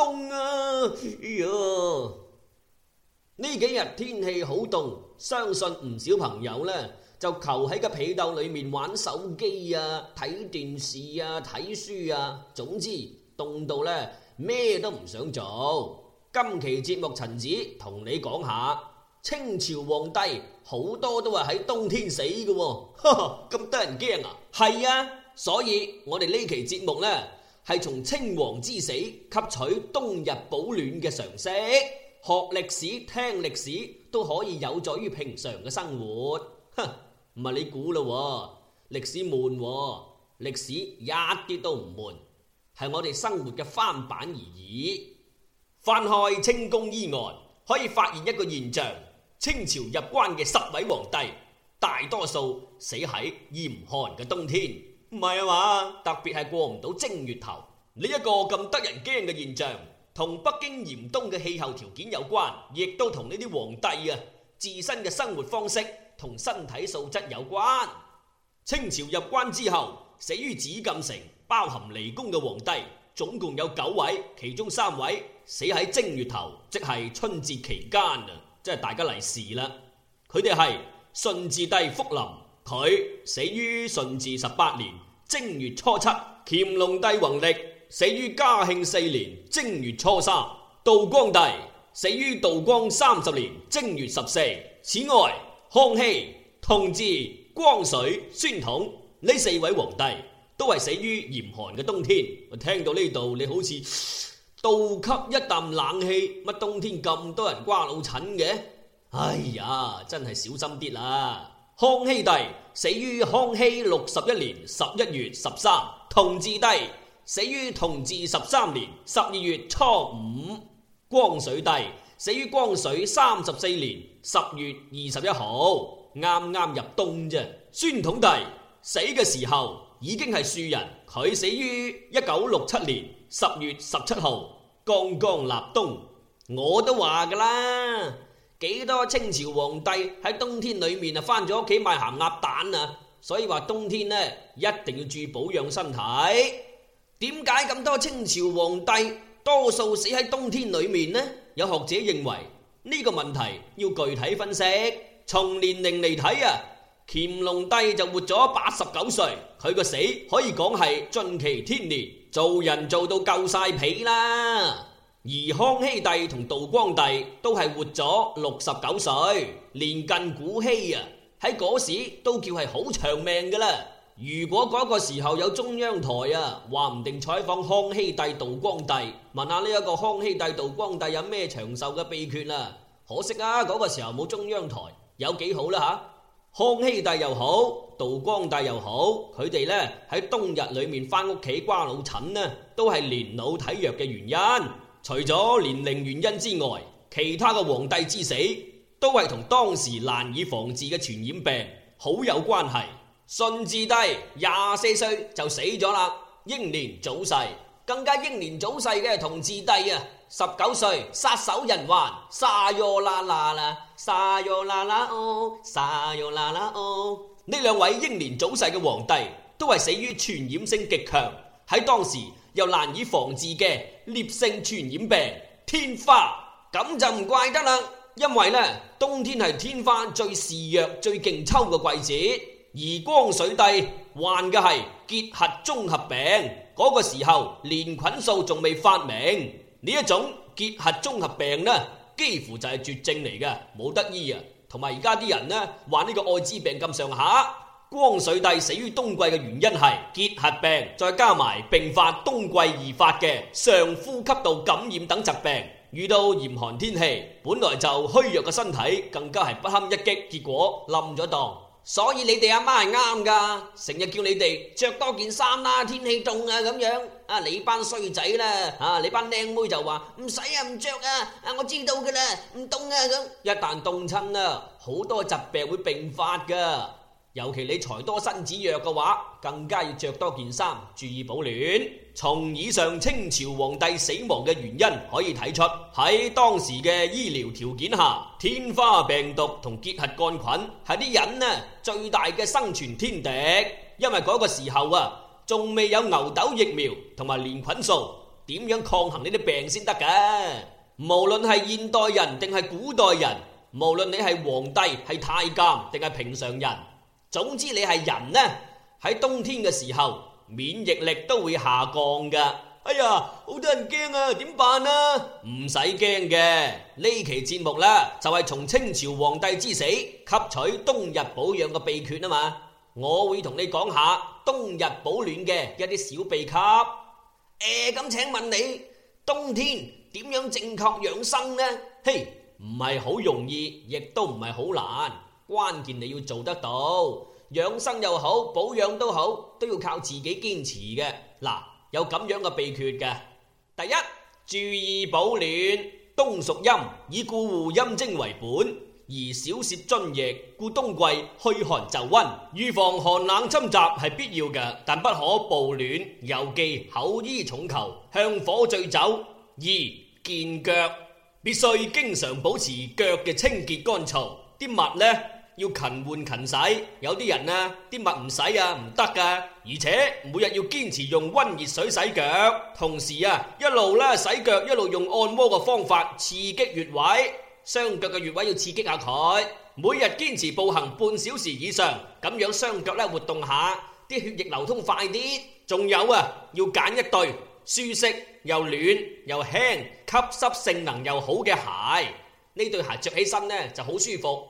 凍啊！哎呀，呢幾日天氣好凍，相信唔少朋友呢就求喺個被竇裏面玩手機啊、睇電視啊、睇書啊，總之凍到呢咩都唔想做。今期節目陳子同你講下，清朝皇帝好多都係喺冬天死嘅，咁得人驚啊！係啊，所以我哋呢期節目呢。係從清王之死吸取冬日保暖嘅常識，學歷史聽歷史都可以有助於平常嘅生活。哼，唔係你估咯喎，歷史悶喎，歷史一啲都唔悶，係我哋生活嘅翻版而已。翻開清宮醫案，可以發現一個現象：清朝入關嘅十位皇帝，大多數死喺嚴寒嘅冬天。唔係啊，嘛，特別係過唔到正月頭呢一個咁得人驚嘅現象，同北京嚴冬嘅氣候條件有關，亦都同呢啲皇帝啊，自身嘅生活方式同身體素質有關。清朝入關之後死於紫禁城、包含離宮嘅皇帝總共有九位，其中三位死喺正月頭，即係春節期間啊，即係大家嚟時啦。佢哋係順治帝福臨，佢死於順治十八年正月初七，乾隆帝弘曆死於嘉慶四年正月初三，道光帝死於道光三十年正月十四。此外，康熙、同治、光緒、宣統呢四位皇帝都係死於嚴寒嘅冬天。我聽到呢度，你好似倒吸一啖冷氣，乜冬天咁多人瓜老襯嘅？哎呀，真係小心啲啦！康熙帝死於康熙六十一年十一月十三，同治帝死於同治十三年十二月初五，光緒帝死於光緒三十四年十月二十一號，啱啱入冬啫。宣統帝死嘅時候已經係庶人，佢死於一九六七年十月十七號，剛剛立冬，我都話㗎啦。幾多清朝皇帝喺冬天裏面啊返咗屋企賣鹹鴨蛋啊？所以話冬天呢，一定要注意保養身體。點解咁多清朝皇帝多數死喺冬天裏面呢？有學者認為呢個問題要具體分析。從年齡嚟睇啊，乾隆帝就活咗八十九歲，佢個死可以講係盡其天年，做人做到夠晒皮啦。而康熙帝同道光帝都係活咗六十九歲，年近古稀啊！喺嗰時都叫係好長命噶啦。如果嗰個時候有中央台啊，話唔定採訪康熙帝、道光帝，問下呢一個康熙帝、道光帝有咩長壽嘅秘訣啊？可惜啊，嗰、那個時候冇中央台，有幾好啦、啊、吓。康熙帝又好，道光帝又好，佢哋呢喺冬日裏面翻屋企瓜老陳啊，都係年老體弱嘅原因。除咗年齡原因之外，其他嘅皇帝之死都係同當時難以防治嘅傳染病好有關係。順治帝廿四歲就死咗啦，英年早逝。更加英年早逝嘅係同治帝啊，十九歲撒手人寰。沙喲啦啦啦，沙喲啦啦哦，沙喲啦啦哦。呢兩位英年早逝嘅皇帝，都係死於傳染性極強喺當時。又難以防治嘅烈性傳染病天花，咁就唔怪得啦。因為呢，冬天係天花最肆虐、最勁抽嘅季節。而光緒帝患嘅係結核綜合病，嗰、那個時候連菌素仲未發明，呢一種結核綜合病呢幾乎就係絕症嚟嘅，冇得醫啊。同埋而家啲人呢，患呢個艾滋病咁上下。光緒帝死於冬季嘅原因係結核病，再加埋併發冬季易發嘅上呼吸道感染等疾病。遇到嚴寒天氣，本來就虛弱嘅身體更加係不堪一擊，結果冧咗檔。所以你哋阿媽係啱噶，成日叫你哋着多件衫啦，天氣凍啊咁樣。啊，你班衰仔啦，啊，你班靚妹就話唔使啊，唔着啊，啊，我知道噶啦，唔凍啊咁。一旦凍親啊，好多疾病會併發噶。尤其你財多身子弱嘅話，更加要着多件衫，注意保暖。從以上清朝皇帝死亡嘅原因可以睇出，喺當時嘅醫療條件下，天花病毒同結核桿菌係啲人呢最大嘅生存天敵。因為嗰個時候啊，仲未有牛痘疫苗同埋鏈菌素，點樣抗衡呢啲病先得嘅？無論係現代人定係古代人，無論你係皇帝、係太監定係平常人。總之你係人呢，喺冬天嘅時候免疫力都會下降噶。哎呀，好多人驚啊，點辦啊？唔使驚嘅，呢期節目呢就係從清朝皇帝之死吸取冬日保養嘅秘訣啊嘛。我會同你講下冬日保暖嘅一啲小秘笈。誒，咁請問你冬天點樣正確養生呢？嘿，唔係好容易，亦都唔係好難。關鍵你要做得到，養生又好，保養都好，都要靠自己堅持嘅。嗱，有咁樣嘅秘訣嘅。第一，注意保暖。冬屬陰，以固護陰精為本，而少泄津液。故冬季去寒就溫，預防寒冷侵襲係必要嘅，但不可暴暖。尤忌厚衣重裘，向火醉酒。二，健腳必須經常保持腳嘅清潔乾燥，啲襪呢。要勤換勤洗，有啲人啊，啲襪唔洗啊，唔得噶。而且每日要堅持用溫熱水洗腳，同時啊，一路咧洗腳，一路用按摩嘅方法刺激穴位，雙腳嘅穴位要刺激下佢。每日堅持步行半小時以上，咁樣雙腳咧活動下，啲血液流通快啲。仲有啊，要揀一對舒適又暖又輕、吸濕性能又好嘅鞋，呢對鞋着起身呢就好舒服。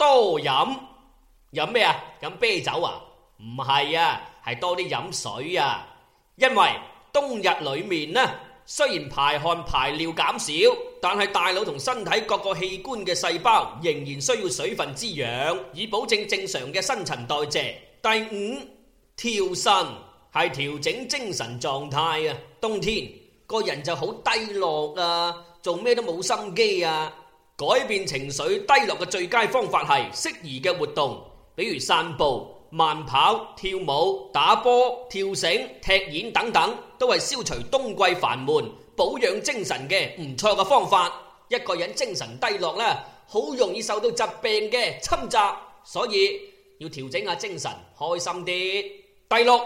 多飲飲咩啊？飲啤酒啊？唔係啊，係多啲飲水啊。因為冬日裏面呢，雖然排汗排尿減少，但係大腦同身體各個器官嘅細胞仍然需要水分滋養，以保證正常嘅新陳代謝。第五，調神係調整精神狀態啊。冬天個人就好低落啊，做咩都冇心機啊。改變情緒低落嘅最佳方法係適宜嘅活動，比如散步、慢跑、跳舞、打波、跳繩、踢毽等等，都係消除冬季煩悶、保養精神嘅唔錯嘅方法。一個人精神低落呢，好容易受到疾病嘅侵襲，所以要調整下精神，開心啲。第六，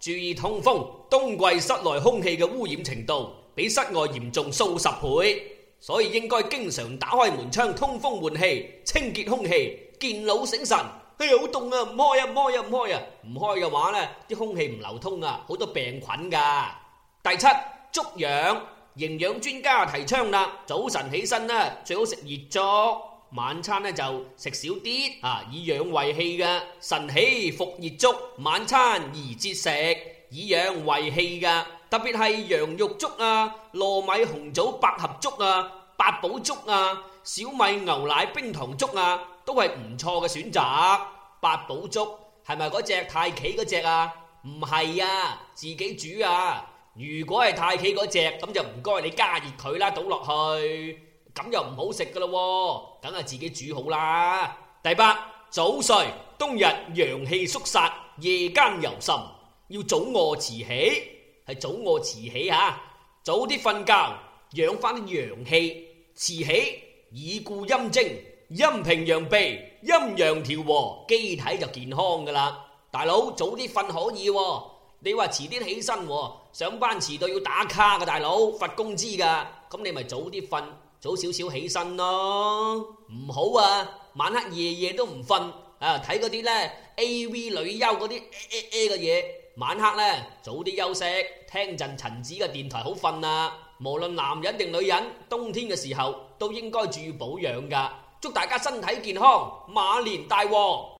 注意通風。冬季室內空氣嘅污染程度比室外嚴重數十倍。所以應該經常打開門窗通風換氣，清潔空氣，健腦醒神。哎呀，好凍啊！唔開啊！唔開啊！唔開啊！唔開嘅話咧，啲空氣唔流通啊，好多病菌噶。第七，足養營養專家提倡啦，早晨起身咧，最好食熱粥，晚餐咧就食少啲啊，以養胃氣噶。晨起服熱粥，晚餐宜節食，以養胃氣噶。特別係羊肉粥啊、糯米紅棗百合粥啊、八寶粥啊、小米牛奶冰糖粥啊，都係唔錯嘅選擇。八寶粥係咪嗰隻太企嗰隻啊？唔係啊，自己煮啊。如果係太企嗰隻，咁就唔該你加熱佢啦，倒落去。咁又唔好食噶咯，梗係自己煮好啦。第八，早睡，冬日陽氣肅殺，夜間尤甚，要早卧遲起。係早臥遲起吓，早啲瞓覺，養翻啲陽氣，遲起以固陰精，陰平陽秘，陰陽調和，機體就健康噶啦。大佬早啲瞓可以，你話遲啲起身，上班遲到要打卡噶，大佬發工資噶，咁你咪早啲瞓，早少少起身咯。唔好啊，晚黑夜夜都唔瞓啊，睇嗰啲咧 A V 女優嗰啲誒誒嘅嘢。呃呃呃晚黑咧，早啲休息，聽陣陳子嘅電台好瞓啦，啊。無論男人定女人，冬天嘅時候都應該注意保養㗎。祝大家身體健康，馬年大旺！